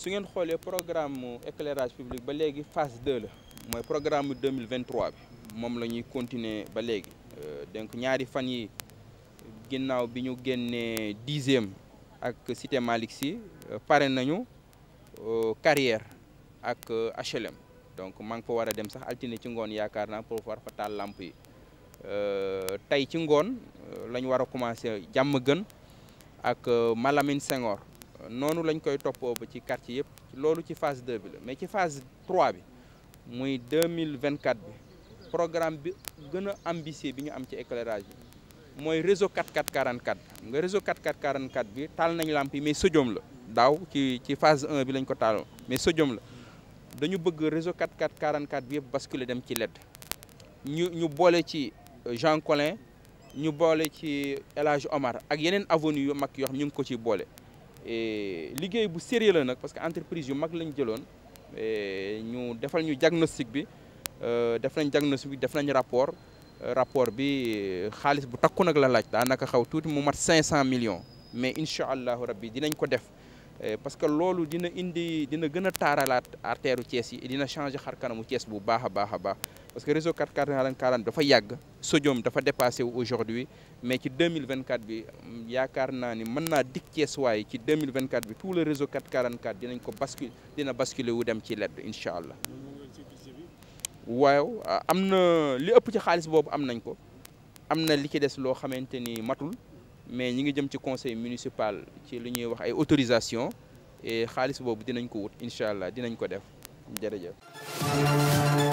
su ngeen xoolee programme mu éclairage public ba léegi phase de la mooy programme mu 2023 bi moom la ñuy continuer ba léegi euh, donc ñaari fan yi ginnaaw bi ñu génnee dixième ak cité si euh, pare nañu euh, carrière ak HLM donc maa ngi fa war a dem sax altine ci ngoon yaakaar naa pour war fa tàll làmp yi tey ci ngoon la ñu war a commencer jàmm gën ak Malamine Senghor noonu lañ koy toppoo ba ci quartier yëpp loolu ci phase 2 bi la mais ci phase trois bi muy 2024 bi programme bi gën a ambitieux bi ñu am ci éclairage bi mooy réseau 4444 nga réseau 4444 bi taal nañu làmp yi mais sodium la daaw ci ci phase 1 bi lañ ko taaloon mais sodium la dañu bëgg réseau 4444 bi yëpp basculer dem ci LED ñu ñu boole ci euh, Jean Collin ñu boole ci El Omar ak yeneen avenue yu mag yoo xam ñu ngi ko ci boole liggéey bu sérieux nag parce que entreprise yu mag lañ jëloon ñu defal ñu diagnostic bi euh, def nañ diagnostic bi def nañ rapport euh, rapport bi euh, xaalis bu takku nag la laaj daanaka xaw tuuti mu mat 500 millions mais incha allahu rabbi dinañ ko def parce que loolu dina indi dina gën a taaralaat artère u Thiès yi dina changer xar kanamu cees bu baax a baax a baax parce que réseau 440 dafa yàgg sodium dafa dépassé wu aujourd'hui mais ci 2024 bi yaakaar naa ni mën naa dig Ceesuwaay ci 2024 bi tout le réseau 444 dinañ ko bascule dina basculer wu dem ci ledd incha allah waaw am na li ëpp ci xaalis boobu am nañ ko am na li ci des loo xamante ni matul mais ñi ngi jëm ci conseil municipal ci li ñuy wax ay autorisation et xaalis boobu dinañ ko wut incha allah dinañ ko def jërëjëf